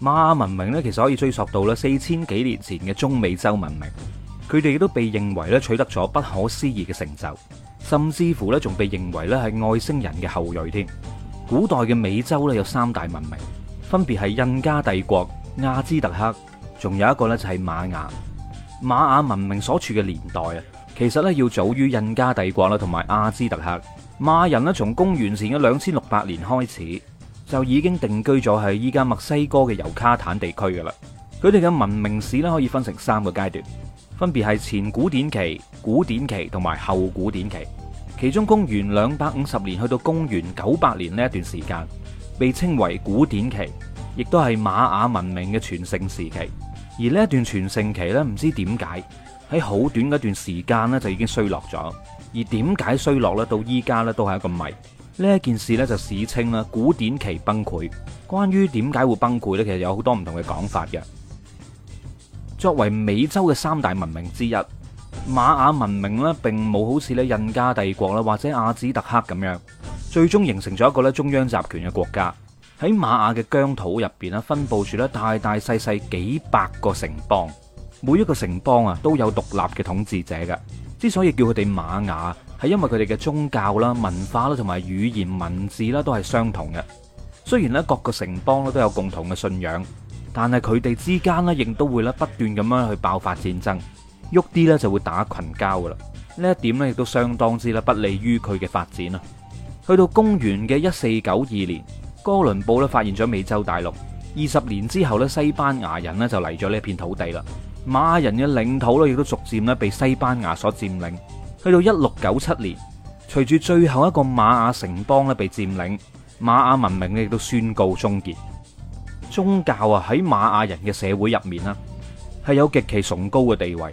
瑪雅文明咧，其實可以追溯到啦，四千幾年前嘅中美洲文明，佢哋亦都被認為咧，取得咗不可思議嘅成就，甚至乎咧，仲被認為咧，係外星人嘅後裔添。古代嘅美洲咧，有三大文明，分別係印加帝國、阿茲特克，仲有一個咧，就係瑪雅。瑪雅文明所處嘅年代啊，其實咧，要早於印加帝國啦，同埋阿茲特克。瑪雅人咧，從公元前嘅兩千六百年開始就已經定居咗喺依家墨西哥嘅尤卡坦地區嘅啦。佢哋嘅文明史呢，可以分成三個階段，分別係前古典期、古典期同埋後古典期。其中公元兩百五十年去到公元九百年呢一段時間，被稱為古典期，亦都係瑪雅文明嘅全盛時期。而呢一段全盛期呢，唔知點解喺好短嗰段時間呢，就已經衰落咗。而點解衰落呢？到依家呢，都係一個謎。呢一件事呢，就史稱啦古典期崩潰。關於點解會崩潰呢？其實有好多唔同嘅講法嘅。作為美洲嘅三大文明之一，瑪雅文明呢，並冇好似呢印加帝國啦，或者阿茲特克咁樣，最終形成咗一個咧中央集權嘅國家。喺瑪雅嘅疆土入邊呢，分布住咧大大細細幾百個城邦，每一個城邦啊都有獨立嘅統治者嘅。之所以叫佢哋瑪雅。係因為佢哋嘅宗教啦、文化啦同埋語言文字啦都係相同嘅。雖然咧各個城邦咧都有共同嘅信仰，但係佢哋之間咧亦都會咧不斷咁樣去爆發戰爭，喐啲咧就會打群交噶啦。呢一點咧亦都相當之啦不利於佢嘅發展啦。去到公元嘅一四九二年，哥倫布咧發現咗美洲大陸。二十年之後咧，西班牙人呢就嚟咗呢片土地啦。瑪雅人嘅領土咧亦都逐漸咧被西班牙所佔領。去到一六九七年，隨住最後一個瑪雅城邦咧被佔領，瑪雅文明亦都宣告終結。宗教啊喺瑪雅人嘅社會入面啦，係有極其崇高嘅地位，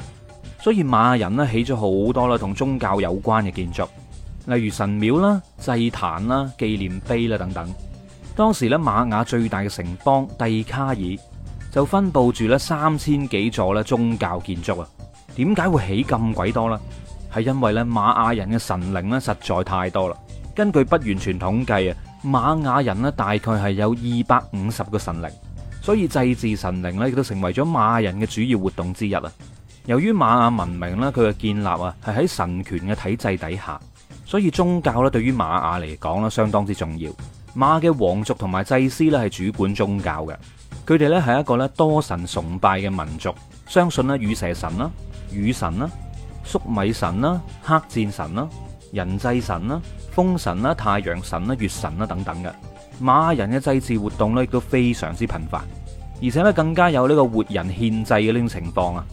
所以瑪雅人咧起咗好多啦同宗教有關嘅建築，例如神廟啦、祭壇啦、紀念碑啦等等。當時咧瑪雅最大嘅城邦蒂卡爾就分布住咧三千幾座咧宗教建築啊。點解會起咁鬼多呢？係因為咧瑪雅人嘅神靈咧實在太多啦。根據不完全統計啊，瑪雅人咧大概係有二百五十個神靈，所以祭祀神靈咧都成為咗瑪雅人嘅主要活動之一啊。由於瑪雅文明咧佢嘅建立啊係喺神權嘅體制底下，所以宗教咧對於瑪雅嚟講咧相當之重要。瑪嘅王族同埋祭司咧係主管宗教嘅，佢哋咧係一個咧多神崇拜嘅民族，相信咧羽蛇神啦、雨神啦。粟米神啦、黑戰神啦、人祭神啦、風神啦、太陽神啦、月神啦等等。嘅馬人嘅祭祀活動咧，亦都都非常之頻繁，而且咧更加有呢個活人獻祭嘅呢種情況啊。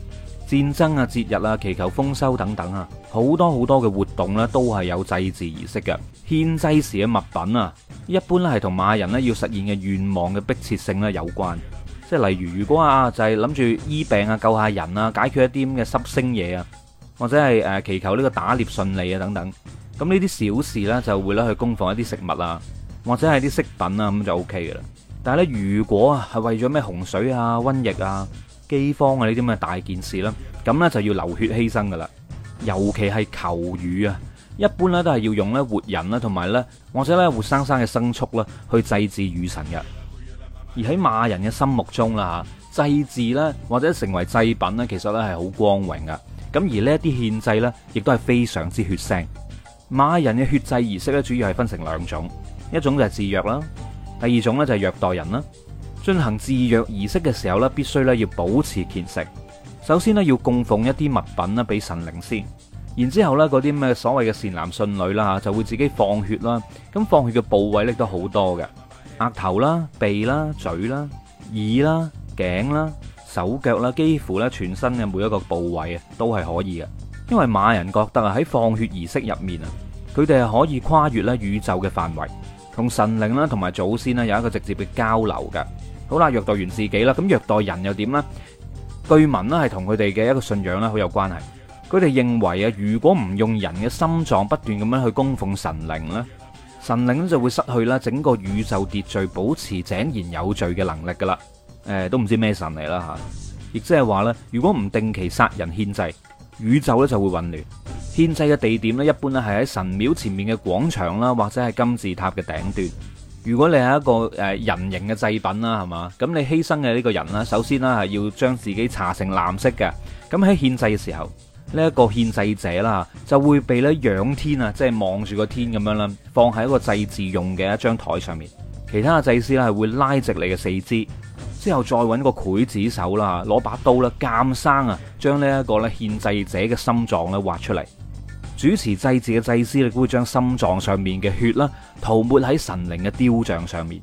戰爭啊、節日啊、祈求豐收等等啊，好多好多嘅活動咧都係有祭祀儀式嘅獻祭時嘅物品啊，一般咧係同馬人咧要實現嘅願望嘅迫切性咧有關，即係例如如果啊就係諗住醫病啊、救下人啊、解決一啲咁嘅濕星嘢啊。或者係誒祈求呢個打獵順利啊等等，咁呢啲小事呢就會咧去供奉一啲食物啊，或者係啲飾品啊咁就 O K 嘅啦。但係咧如果啊係為咗咩洪水啊、瘟疫啊、饑荒啊呢啲咁嘅大件事咧，咁呢就要流血犧牲噶啦。尤其係求雨啊，一般呢都係要用呢活人啦，同埋呢，或者呢活生生嘅牲畜啦去祭祀雨神嘅。而喺瑪人嘅心目中啦，祭祀呢或者成為祭品呢，其實呢係好光榮噶。咁而呢一啲獻祭呢，亦都係非常之血腥。瑪雅人嘅血祭儀式咧，主要係分成兩種，一種就係自虐啦，第二種咧就係虐待人啦。進行自虐儀式嘅時候呢，必須咧要保持虔誠。首先呢，要供奉一啲物品啦俾神靈先，然之後咧嗰啲咩所謂嘅善男信女啦就會自己放血啦。咁放血嘅部位咧都好多嘅，額頭啦、鼻啦、嘴啦、耳啦、頸啦。手腳啦，幾乎咧全身嘅每一個部位啊，都係可以嘅。因為瑪人覺得啊，喺放血儀式入面啊，佢哋係可以跨越咧宇宙嘅範圍，同神靈啦，同埋祖先咧有一個直接嘅交流噶。好啦，虐待完自己啦，咁虐待人又點呢？據聞咧係同佢哋嘅一個信仰咧好有關係。佢哋認為啊，如果唔用人嘅心臟不斷咁樣去供奉神靈咧，神靈就會失去啦整個宇宙秩序保持井然有序嘅能力噶啦。誒，都唔知咩神嚟啦吓，亦即係話咧，如果唔定期殺人獻祭，宇宙咧就會混亂。獻祭嘅地點咧，一般咧係喺神廟前面嘅廣場啦，或者係金字塔嘅頂端。如果你係一個誒人形嘅祭品啦，係嘛，咁你犧牲嘅呢個人呢，首先啦係要將自己搽成藍色嘅。咁喺獻祭嘅時候，呢一個獻祭者啦，就會被呢仰天啊，即係望住個天咁樣啦，放喺一個祭祀用嘅一張台上面。其他祭師咧係會拉直你嘅四肢。之後再搵個劊子手啦，攞把刀啦，監生啊，將呢一個咧獻祭者嘅心臟咧挖出嚟。主持祭祀嘅祭司咧會將心臟上面嘅血啦塗抹喺神靈嘅雕像上面。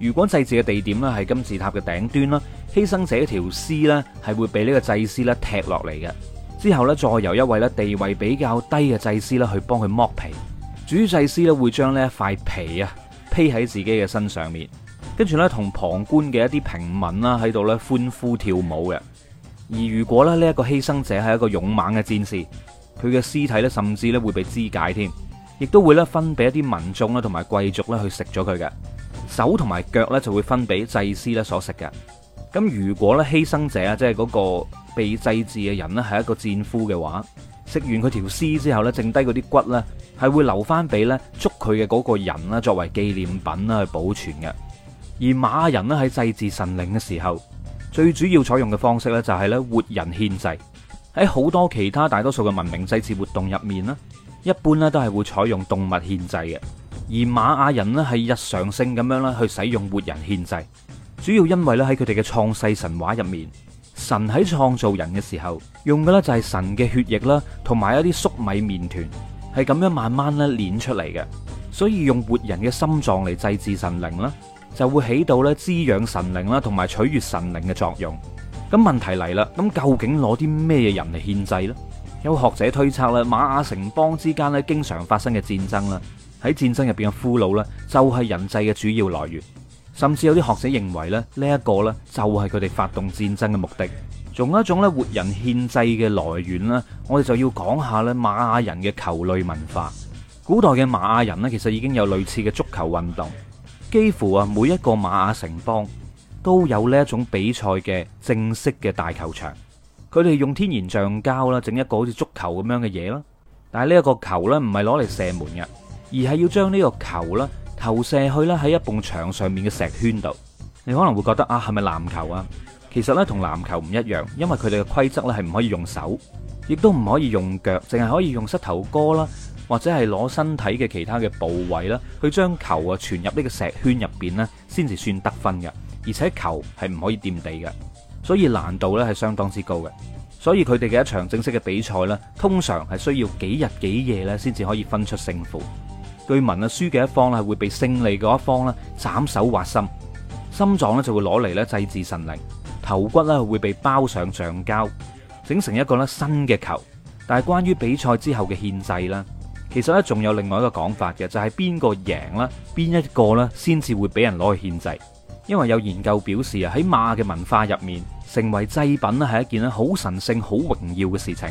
如果祭祀嘅地點咧係金字塔嘅頂端啦，犧牲者條屍咧係會俾呢個祭司咧踢落嚟嘅。之後咧再由一位咧地位比較低嘅祭司咧去幫佢剝皮。主祭司咧會將呢一塊皮啊披喺自己嘅身上面。跟住咧，同旁觀嘅一啲平民啦，喺度咧歡呼跳舞嘅。而如果咧呢一個犧牲者係一個勇猛嘅戰士，佢嘅屍體咧，甚至咧會被肢解添，亦都會咧分俾一啲民眾啦同埋貴族咧去食咗佢嘅手同埋腳咧，就會分俾祭司咧所食嘅。咁如果咧犧牲者啊，即係嗰個被祭祀嘅人呢，係一個戰俘嘅話，食完佢條屍之後咧，剩低嗰啲骨咧係會留翻俾咧捉佢嘅嗰個人啦，作為紀念品啦去保存嘅。而瑪雅人咧喺祭祀神靈嘅時候，最主要採用嘅方式咧就係咧活人獻祭。喺好多其他大多數嘅文明祭祀活動入面呢，一般咧都係會採用動物獻祭嘅。而瑪雅人呢，係日常性咁樣咧去使用活人獻祭，主要因為咧喺佢哋嘅創世神話入面，神喺創造人嘅時候用嘅咧就係神嘅血液啦，同埋一啲粟米麵團，係咁樣慢慢咧捏出嚟嘅。所以用活人嘅心臟嚟祭祀神靈啦。就會起到咧滋養神靈啦，同埋取悦神靈嘅作用。咁問題嚟啦，咁究竟攞啲咩人嚟獻祭呢？有學者推測啦，瑪雅城邦之間咧經常發生嘅戰爭啦，喺戰爭入邊嘅俘虜啦，就係人祭嘅主要來源。甚至有啲學者認為咧，呢一個咧就係佢哋發動戰爭嘅目的。仲有一種咧活人獻祭嘅來源啦，我哋就要講下咧瑪雅人嘅球類文化。古代嘅瑪雅人咧，其實已經有類似嘅足球運動。幾乎啊，每一個瑪雅城邦都有呢一種比賽嘅正式嘅大球場。佢哋用天然橡膠啦，整一個好似足球咁樣嘅嘢啦。但係呢一個球呢，唔係攞嚟射門嘅，而係要將呢個球呢，投射去咧喺一埲牆上面嘅石圈度。你可能會覺得啊，係咪籃球啊？其實呢，同籃球唔一樣，因為佢哋嘅規則呢，係唔可以用手，亦都唔可以用腳，淨係可以用膝頭哥啦。或者係攞身體嘅其他嘅部位啦，去將球啊傳入呢個石圈入邊呢先至算得分嘅。而且球係唔可以掂地嘅，所以難度呢係相當之高嘅。所以佢哋嘅一場正式嘅比賽呢，通常係需要幾日幾夜呢先至可以分出勝負。據聞啊，輸嘅一方呢會被勝利嗰一方呢斬手挖心，心臟呢就會攞嚟呢祭祀神靈，頭骨呢會被包上橡膠，整成一個呢新嘅球。但係關於比賽之後嘅獻祭啦。其實咧仲有另外一個講法嘅，就係邊個贏啦，邊一個咧先至會俾人攞去獻祭。因為有研究表示啊，喺馬雅嘅文化入面，成為祭品咧係一件好神聖、好榮耀嘅事情。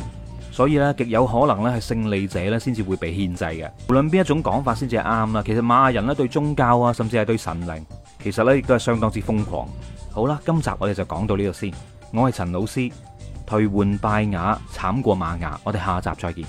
所以咧極有可能咧係勝利者咧先至會被獻祭嘅。無論邊一種講法先至係啱啦。其實瑪雅人咧對宗教啊，甚至係對神靈，其實咧亦都係相當之瘋狂。好啦，今集我哋就講到呢度先。我係陳老師，退換拜雅慘過瑪雅，我哋下集再見。